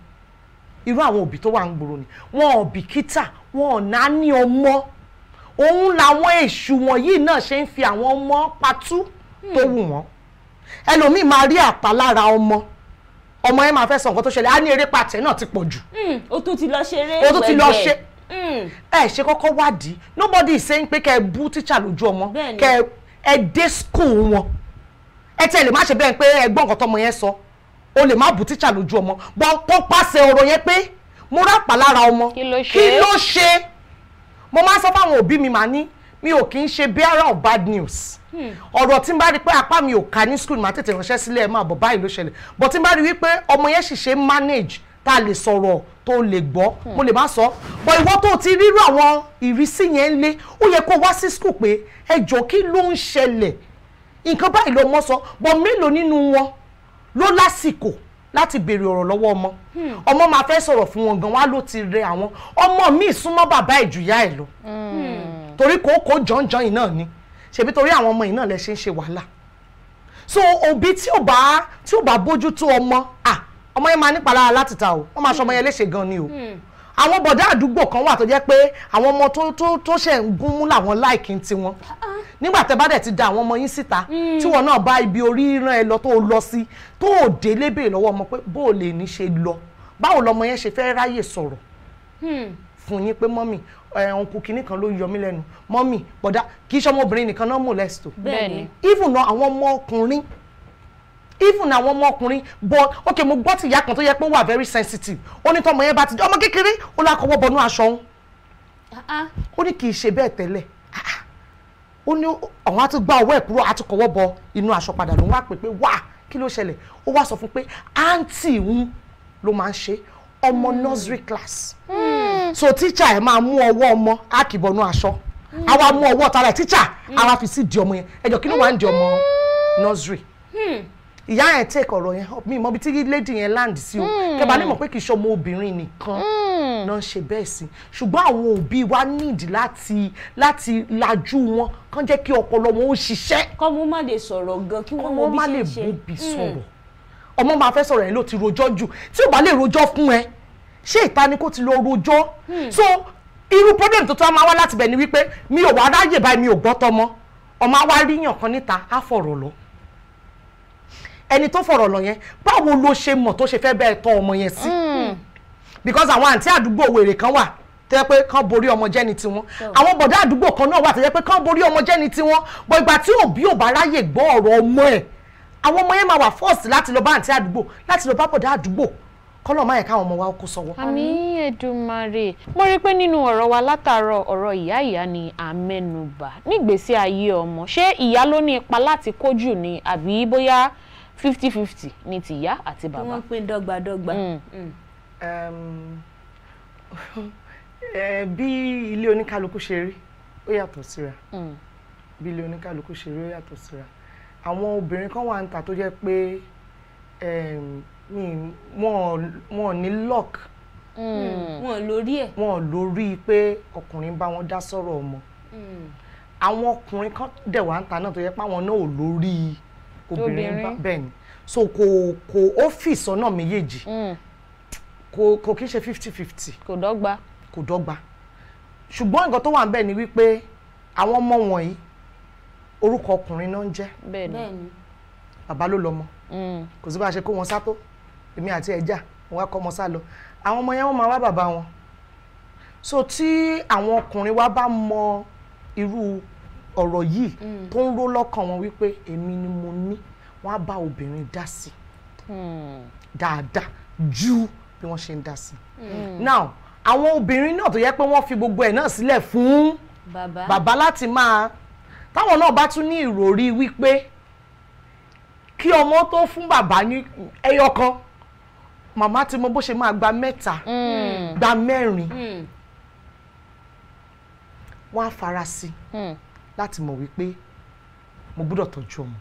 irú àwọn òbí tó wà ń gbòòrò ni wọn ò bìkítà wọn ò náání ọmọ òun làwọn èṣù wọ̀nyí náà ṣe ń fi àwọn ọmọ patú mm. tó wù wọ́n ẹlòmíì máa rí àpá lára ọmọ ọmọ yẹn máa fẹ́ sọ nǹkan tó ṣẹlẹ̀ á ní eré pàtẹ náà ti pọ̀ jù. Hmm, o tún ti lọ ṣeré o tún hmm. ẹ ṣe kọ́kọ́ wádìí nobody is saying pé kẹ́ ẹ bú tíṣà lójú ọmọ kẹ́ ẹ dé school wọn ẹ tẹ́ lè má ṣe bẹ́ẹ̀ pé ẹ gbọ́ nǹkan tọmọ yẹn sọ o lè má bú tíṣà lójú ọmọ bọ́n kó pàṣẹ ọ̀rọ̀ yẹn pé mo rápà lára ọmọ kí ló ṣe mo máa ń sọ fáwọn òbí mi màá ní mi ò kì í ṣe bearer of bad news hmm. ọ̀rọ̀ tí n bá rí pé apá mi ò ka ní school màá tètè ránṣẹ́ sílẹ̀ ẹ̀ máa bọ̀ báyìí ló ṣẹlẹ̀ but tí n bá rí wípé ọmọ yẹn sì ṣe manage tá a lè sọ̀rọ̀ tó lè gbọ́ hmm. mo lè má sọ but ìwọ tó ti rírú àwọn ìrísí yẹn ń lé ó yẹ kó wá sí school pé ẹ kí ló ń ṣẹlẹ̀ nǹkan báyìí lọmọ sọ but mélòó nínú wọn ló lásìkò láti béèrè ọ̀rọ̀ lọ́wọ́ ọmọ hmm. ọmọ máa fẹ́ sọ̀rọ̀ fún wọn gan wá ló ti rẹ àwọn ọmọ míì súnmọ́ bàbá ìjùyà ẹ̀ lọ torí kò kó jọ̀ǹjọ̀ǹ yìí náà ni ṣèbí torí àwọn ọmọ yìí náà lẹ ṣe ń ṣe wàhálà so òbí tí ò bá tí ò bá bójú tó ọmọ à ọmọ yẹn máa nípalára láti ta o wọ́n máa sọ ọmọ yẹn léṣe gan ni o hmm. àwọn bọ̀dá àdúgbò kan wà tó jẹ́ pé àwọn ọmọ tó tó tó ṣẹ̀ ń gún mú làwọn láìkí tiwọn nígbà tẹ́ bá dẹ̀ ti da àwọn ọmọ yín síta hmm. tí wọn náà bá ibi orí rán ẹ lọ tó lọ sí tó ò délé béèrè lọ́wọ́ ọmọ pé bó o lè ní ṣe lọ báwo lọmọ yẹn ṣe fẹ́ ráyè sọ̀rọ̀ hmm. fún yín pé mọ́mì ọ̀nkù eh, kìíní kan ló yọ mí lẹ́nu mọ́mì bọ̀dá kì í ṣe ọmọbìnrin nìkan náà molest o. bẹ́ẹ̀ni. even na àwọn ọmọkùnrin even na àwọn ọmọkùnrin but ok mo gbọ́ ti ìyá kan tó yẹ pé ó wà very sensitive ó ní tọmọ yẹn bá ti ọmọ kékeré ó lọ akọwọ́ bọnú aṣọ òun ah, ah. ó ní kì í ṣe bẹ́ẹ̀ tẹ́lẹ̀ ah, ó ní àwọn á tún gba ọwọ́ ẹ̀ kúrò á tún kọwọ́ bọ inú aṣọ padà ló wá pè pé wá kí ló ṣẹlẹ̀ ó wá sọ fún pé àǹtí òun ló máa ń ṣe ọmọ nursery class hmm. so teacher ẹ máa mú ọwọ́ ọmọ á kì bọnú aṣọ àwa hmm. mú ọwọ́ tara ẹ teacher àwa fi sí di ọmọ yẹn ẹjọ kí ló wà di ọmọ nursery hmm. ìyá yẹn take ọ̀rọ̀ yẹn mi mọ ibi tí lady yẹn land sí o kẹba ní mọ̀ pé kì í ṣe ọmọ obìnrin nìkan náà ṣe bẹ́ẹ̀ sí ṣùgbọ́n àwọn òbí wa nídìí láti láti lajú wọn kàn jẹ́ kí ọpọlọ wọn ó ṣiṣẹ́. kọ́ mo má lè sọ̀rọ̀ gan kí wọ́n mọ bí ṣe ń ṣe kọ́ mo má lè bóbi sọ̀rọ̀ ọmọ máa fẹ́ sọ̀rọ̀ yẹn ló ti rojọ́ jù tí ò bá lè rojọ́ fún ẹ ṣé ìtaní ti lọ rojọ́ hmm. so irú problem tó tó máa wá láti bẹ̀ ni wípé mi ò wá ráyè báyìí mi ò gbọ́ tọmọ ọmọ wa ríyàn kan níta á fọ̀rọ̀ lọ ẹni tó fọ̀rọ̀ lọ yẹn báwo ló ṣe mọ̀ tó ṣe fẹ́ bẹ́ẹ̀ tọ́ ọmọ yẹn sí hmm. because àwọn àǹtí àdúgbò wèrè kan wà tó yẹ pé kán borí ọmọ jẹ́ni tiwọn àwọn bọ̀dá àdúgbò kan náà wà tó yẹ pé kán borí ọmọ jẹ́ni tiwọn bọ̀ ìgbà tí òbí ò bá ráyè gbọ́ ọ̀rọ̀ ọmọ ẹ̀ àwọn ọmọ yẹn máa wà fọ́ọ̀sì láti lọ bá àǹtí àdúgbò láti lọ bá bọ̀dá àdúgbò kọ́lọ̀ máa yẹ káwọn ọmọ wa kó sọ́wọ́. àmín Èdùmàrè mo rí i pé nínú ọ̀rọ̀ wa látàárọ̀ ọ̀rọ̀ ìyá ìyá ni à ń ayé ọmọ ṣé ìyá ló ní ipa láti kójú ni àbí bóyá fifty fifty ni ti ìyá àti bàbá. wọ́n pín dọ́gbadọ́gba. Mm. Mm. [LAUGHS] Eh, bí ilé oníkálukú ṣe rí ó yàtọ̀ síra mm. bí ilé oníkálukú ṣe rí ó yàtọ̀ síra àwọn obìnrin kan wà níta tó jẹ́ pé ehm, wọn ò ní lock hmm. wọn ò lórí ẹ̀ wọn ò lórí pé ọkùnrin bá wọn dá sọ̀rọ̀ ọmọ hmm. àwọn ọkùnrin kan dẹ̀ wà níta náà tó jẹ́ pé àwọn náà ò lórí obìnrin bẹ́ẹ̀ ni so kò kò ó fi sọ́nà méjèèjì hmm. kò kò kí ṣe fifty fifty kò dọ́gba kò dọ́gba ṣùgbọ́n nǹkan tó wà ń bẹ̀ ni wípé àwọn ọmọ wọ̀nyí orúkọ ọkùnrin náà ń jẹ́ bẹ́ẹ̀ni bàbá ló lọ́mọ mm. kò sí bá a ṣe kó wọn sá tó èmi àti ẹ̀já wọn wá kọ́ ọmọ sá lọ àwọn ọmọ yẹn wọ́n máa wá bàbá wọn so tí àwọn ọkùnrin wa bá mọ irú ọ̀rọ̀ yìí mm. tó ń ró lọ́kàn wọn wípé èmi ni mo ní wọ́n á bá obìnrin dá sí mm. dáadáa ju bí wọ́n ṣe ń dá sí now àwọn obìnrin náà tó yẹ pé wọ́n fi gbogbo ẹ̀ náà sílẹ̀ fún bàbá láti máa táwọn náà bá tún ní ìròrí wípé kí ọmọ tó fún bàbá ní ẹyọ kan màmá ti mọ bó ṣe máa gba mẹ́ta hmm. gba mẹ́rin hmm. wọ́n á fara sí hmm. láti mọ̀ wípé mo gbọ́dọ̀ tọ́jú ọmọ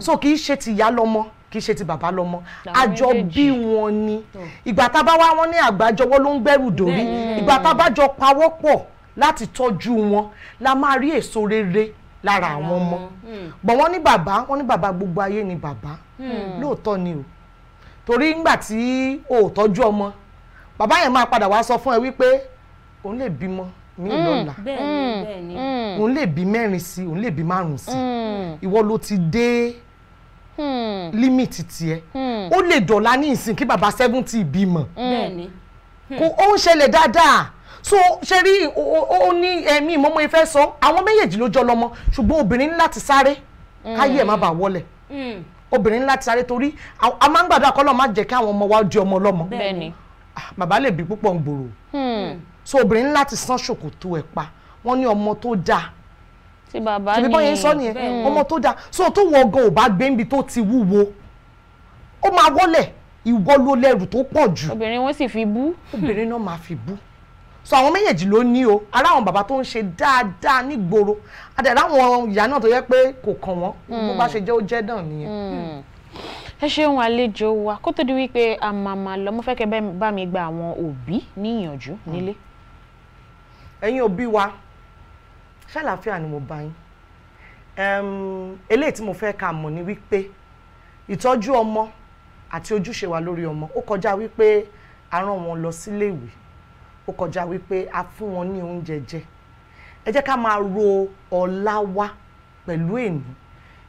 so kì í ṣe ti ìyá lọ́mọ kì í ṣe ti bàbá lọ́mọ àjọ bí wọn ni oh. ìgbà tá a bá wá wọn ní àgbájọwọ́ ló ń gbẹ́rù dórí ìgbà tá a bá jọ pawọ́ pọ̀ láti tọ́jú wọn la máa rí èso rere lára àwọn ọmọ hmm. bọ̀ wọ́n ní bàbá wọ́n ní bàbá gbogbo ayé ni bàbá hmm. lóòótọ́ ni o torí ńgbà tí o ò tọ́jú ọmọ bàbá yẹn máa padà wá sọ fún ẹ wípé òun lè bímọ ní ìlọ́la hmm. òun lè bí mẹ́rin sí òun lè bí márùn sí ìwọ ló ti dé límìtì tiẹ̀ ó lè dọ̀la ní ìsìn kí bàbá seventy bímọ kó ó ń ṣẹlẹ̀ dáadáa so ṣe rí o ní ẹ̀mí ìmọ̀mọ́ ìfẹ́ sọ àwọn méjèèjì ló jọ lọ́mọ ṣùgbọ́n obìnrin ní láti sáré káyé ẹ̀ má bàa wọlẹ̀ mm. obìnrin ní láti sáré torí a máa ń gbàdúrà kọ́ lọ́ọ́ má jẹ́ kí àwọn ọmọ wa di ọmọ ọlọ́mọ ah, bàbá lè bí púpọ̀ ń gbòòrò hmm. so obìnrin ní láti sán ṣòkòtò ẹ̀ pa wọ́n ní ọmọ tó dáa tí bàbá ní ìbọn yẹn ọmọ tó dáa so tó wọ gan ò bá gbé níbi tó ti wúwo ó máa wọlẹ̀ ìwọ ló lẹ́rù tó pọ̀ jù obìnrin wọn sì fi bú obìnrin náà máa fi bú so àwọn méjèèjì ló ní o ara àwọn bàbá tó ń ṣe dáadáa nígboro àdàrà àwọn ìyá náà tó yẹ pé kò kàn wọ́n bó bá ṣe jẹ́ ó jẹ́ náà nìyẹn. Hmm. ẹ ṣeun àlejò wa kó tó di wípé a máa máa lọ mo fẹ́ kẹ́ bá mi gba àwọn òbí níyànjú hmm. nílé. ẹ̀yin òbí wa ṣàlàáfíà ni mo bá yín eléyìí tí mo fẹ́ ká mọ̀ ni wípé ìtọ́jú ọmọ àti ojúṣe wa lórí ọmọ ó kọjá wípé a rán wọn lọ sílé Si ó kọjá wípé a fún wọn ní oúnjẹ jẹ ẹ jẹ́ ká máa ro ọ̀la wa pẹ̀lú èní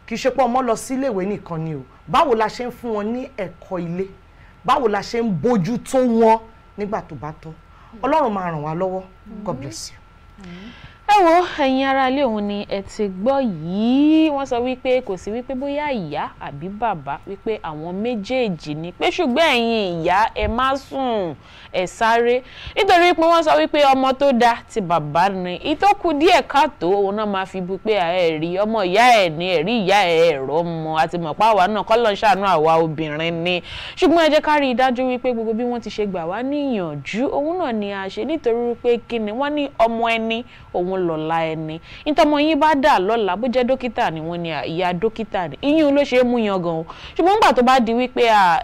kì í ṣe pé ọmọ lọ síléèwé nìkan ni o báwo la ṣe ń fún wọn ní ẹ̀kọ́ ilé báwo la ṣe ń bójú tó wọn nígbà tó bá tọ́ ọlọ́run máa ràn wá lọ́wọ́ God bless you. Mm -hmm ẹ wo ẹ̀yin ará òun ni ẹ ti gbọ́ yìí wọ́n sọ wípé kò sí wípé bóyá ìyá àbí bàbá wípé àwọn méjèèjì ni pé ṣùgbọ́n ẹ̀yin ìyá ẹ má sùn ẹ sáré nítorí pé wọ́n sọ wípé ọmọ tó dáa ti bàbá ni ìtọ́kù díẹ̀ káàtó òun náà máa fi bu pé ẹ rí ọmọ ìyá ẹ ní ẹ̀rí ìyá ẹ ẹ̀rọ mọ àti mọ̀pá àwa náà kọ́ lọ́n ṣàánú àwa obìnrin ni ṣùgbọ́n ẹ jẹ́ ká rí i dájú wípé gbogbo bí wọ́n ti ṣe gbà wá níyànjú ni a ṣe lọ́la ẹni ìtọ́mọ yín bá dà lọ́la bó jẹ́ dókítà ni wọ́n ní ìyá dókítà ni iyún ló ṣe é mú yan gan o ṣùgbọ́n nígbà tó bá di wípé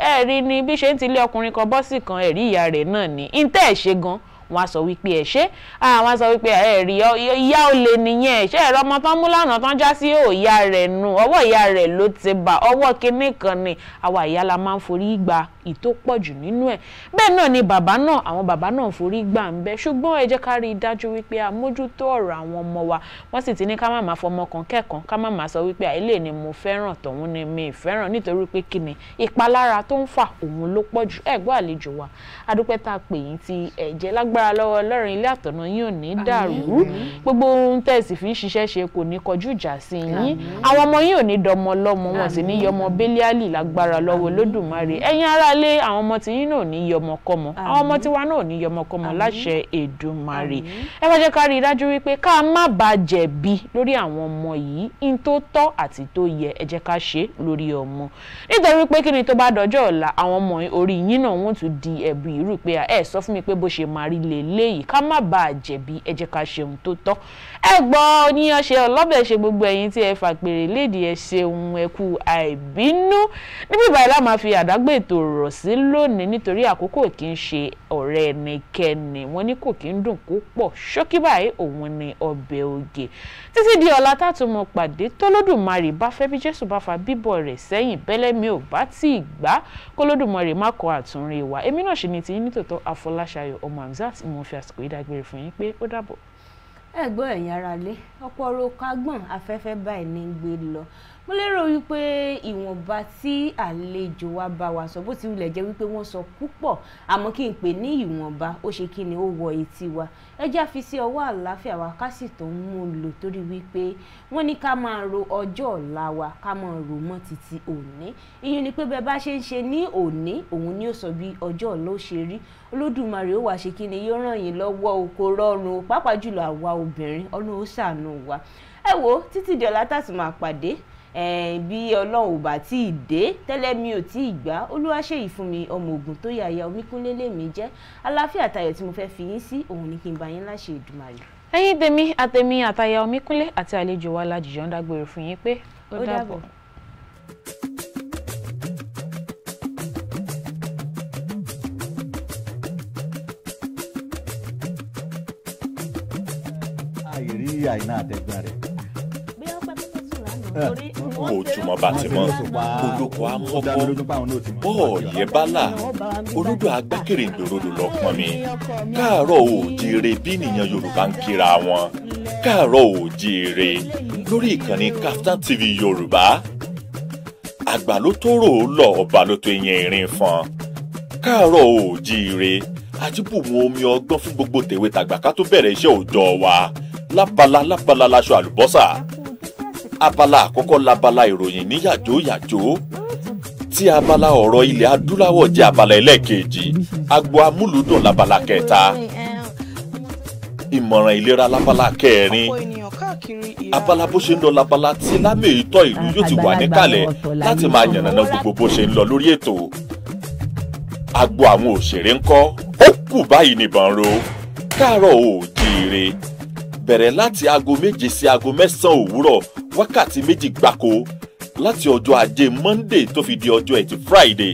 ẹ ni bí ṣe ń tilé ọkùnrin kan bọ́sì kan ẹ̀rí ìyá rẹ̀ náà ni ìtẹ́ ẹ̀ ṣe gan-an wọ́n á sọ wípé ẹ ṣe àwọn á sọ wípé ẹ rí ìyá olè nìyẹn ṣé ẹ̀rọ ọmọ tán mú lánàá tán já sí ò ìyá rẹ̀ nù ọwọ́ ìyá rẹ̀ ló ti bà ọwọ́ kinní kan ni àwa ìyá la máa ń forí gba ìtó pọ̀ jù nínú ẹ̀ bẹ́ẹ̀ náà ni bàbá náà àwọn bàbá náà forí gbà ń bẹ ṣùgbọ́n ẹ jẹ́ ká rí i dájú wípé a mójútó ọ̀rọ̀ àwọn ọmọ wa wọ́n sì ti ní ká má máa fọmọ kan kẹ́kan ká má máa sọ wípé àìlè ni mo fẹ́ràn tọ̀hún ni mi fẹ́ràn nítorí pé kíni ìpalára tó ń fà òun ló pọ̀ jù gbọ́ àlejò wa adúpẹ́ tá a pè yín ti ẹ̀jẹ̀ lágb lágbára lọ́wọ́ Ọlọ́run ilé àtọ̀nà yín ò ní dàrú gbogbo ohun tẹ̀sí fi ń ṣiṣẹ́ ṣe kò ní kọjú ìjà sí yín àwọn ọmọ yín ò ní dọmọ lọ́mọ wọn sì ní yọmọ bẹ́líálì lágbára lọ́wọ́ Olódùmarè ẹ̀yin aráalé àwọn ọmọ tí yín náà ò ní yọmọ kọ́mọ àwọn ọmọ tiwa náà ò ní yọmọ kọ́mọ láṣẹ Èdùmarè ẹ bá jẹ́ ká rí i dájú wípé ká má bàa jẹ̀bi lórí àwọn ọmọ yìí in tó tọ́ àti tó yẹ ẹ jẹ́ ká ṣe lórí di ẹ̀bù irú pé ẹ sọ fún lélẹ́yìí ká má bàa jẹ̀bi ẹ jẹ́ ká ṣe tó tọ́ ẹ gbọ́ oníyan ṣe ọlọ́bẹ̀ ṣe gbogbo ẹ̀yin tí ẹ fàpèrè lédi ẹ ṣeun ẹ kú àìbínú níbi ìbàyìí lá máa fi àdágbé ètò rọ̀ sí lónìí nítorí àkókò kì í ṣe ọ̀rẹ́ ẹnikẹ́ni wọn ní kò kí ń dùn kó pọ̀ ṣókí báyìí òun ni ọbẹ̀ oge títí di ọ̀la tátùmọ̀ pàdé tólódùmarè bá fẹ́ bí jésù bá fa bíbọ̀ rẹ̀ sẹ́yìn bẹ́lẹ́ mi ò bá tí ì gbá kólódùmarè má kọ àtúnrin wa èmi náà ṣe ni tiyín nítòótọ́ àfọláṣayọ̀ ọmọ hamzat Sat mo fi àsìkò yìí dágbére fún yín pé ó dàbọ̀. ẹ gbọ́ ẹ̀yin aráalé ọ̀pọ̀ ọ̀rọ̀ ká afẹ́fẹ́ báyìí ní gbé lọ mo lérò wípé ìwọ̀nba tí àlejò wa bá wa sọ bó ti wulẹ̀ jẹ́ wípé wọ́n sọ púpọ̀ àmọ́ kí n pè ní ìwọ̀nba ó ṣe kí ni ó wọ etí wa ẹjẹ́ àfi sí ọwọ́ àlàáfíà wa ká sì tó ń mú un lò torí wípé wọ́n ní ká máa ro ọjọ́ ọ̀la wa ká máa rò mọ́ títí òní ìyẹn ni pé bẹ́ẹ̀ bá ṣe ń ṣe ní òní òun ni ó sọ bí ọjọ́ ọ̀la ó ṣe rí olódùmarè ó wá ṣe kí ni yóò ràn yín lọ́wọ́ oko rọrùn pàápàá jùlọ àwa obìnrin ọlọ́run ó ṣàánú wa ẹ wo títí di ọ̀la tá a sì máa pàdé bí ọlọ́run ò bá tí ì dé tẹ́lẹ̀ mi ò tí ì gbá olúwa ṣe ìfún mi ọmọ ogun tó yàyà omíkúnlé lèmi jẹ́ aláfíà tayọ̀ tí mo fẹ́ fi yín sí òun ni kí n bá yín láṣẹ Èdùmàrè. ẹ̀yin tèmi àtèmi àtayà omíkúnlé àti àlejò wa la jìyàn dágbére fún yín pé ó dàbọ̀. àìrí àìná àtẹ̀gbọ́n rẹ̀ ojúmọ́ bá ti mọ́ olóko amọ́kọ́ bọ́ọ̀lì ẹ̀ bá là olódò agbákèrèǹdòrodò lọ pọn mi káàárọ̀ oòjíire bí nìyẹn yorùbá ń kíra wọn káàárọ̀ oòjíire lórí ìkànnì Kaftan TV yorùbá àgbà ló tó rò ó lọ ọba ló tó yẹn ìrìn fọn káàárọ̀ oòjíire àjíbùmọ̀ omi ọgbọ́n fún gbogbo tèwe tàgbà ká tó bẹ̀rẹ̀ iṣẹ́ òòjọ́ wa lábala lábala láṣọ àlùbọ́sà abala àkọ́kọ́ labala ìròyìn ní yàjóyàjó tí abala ọ̀rọ̀ ilẹ̀ adúláwọ̀ jẹ́ abala ẹlẹ́ẹ̀kejì agbo amúlùdùn labala kẹta ìmọ̀ràn ìlera labala kẹrin abala bó ṣe ń lọ labala tí lámèétọ́ ìlú yóò ti wà níkàlẹ̀ láti máa yànnàná gbogbo bó ṣe ń lọ lórí ètò agbo àwọn òṣèré ńkọ́ ó kù báyìí nìbọn ro káàárọ̀ oòjíire bẹ̀rẹ̀ láti aago méje sí aago mẹ́sàn-án òwúrọ̀ wákàtí méjì gbáko láti ọjọ́ ajé Monday tó fi di ọjọ́ ẹtì Friday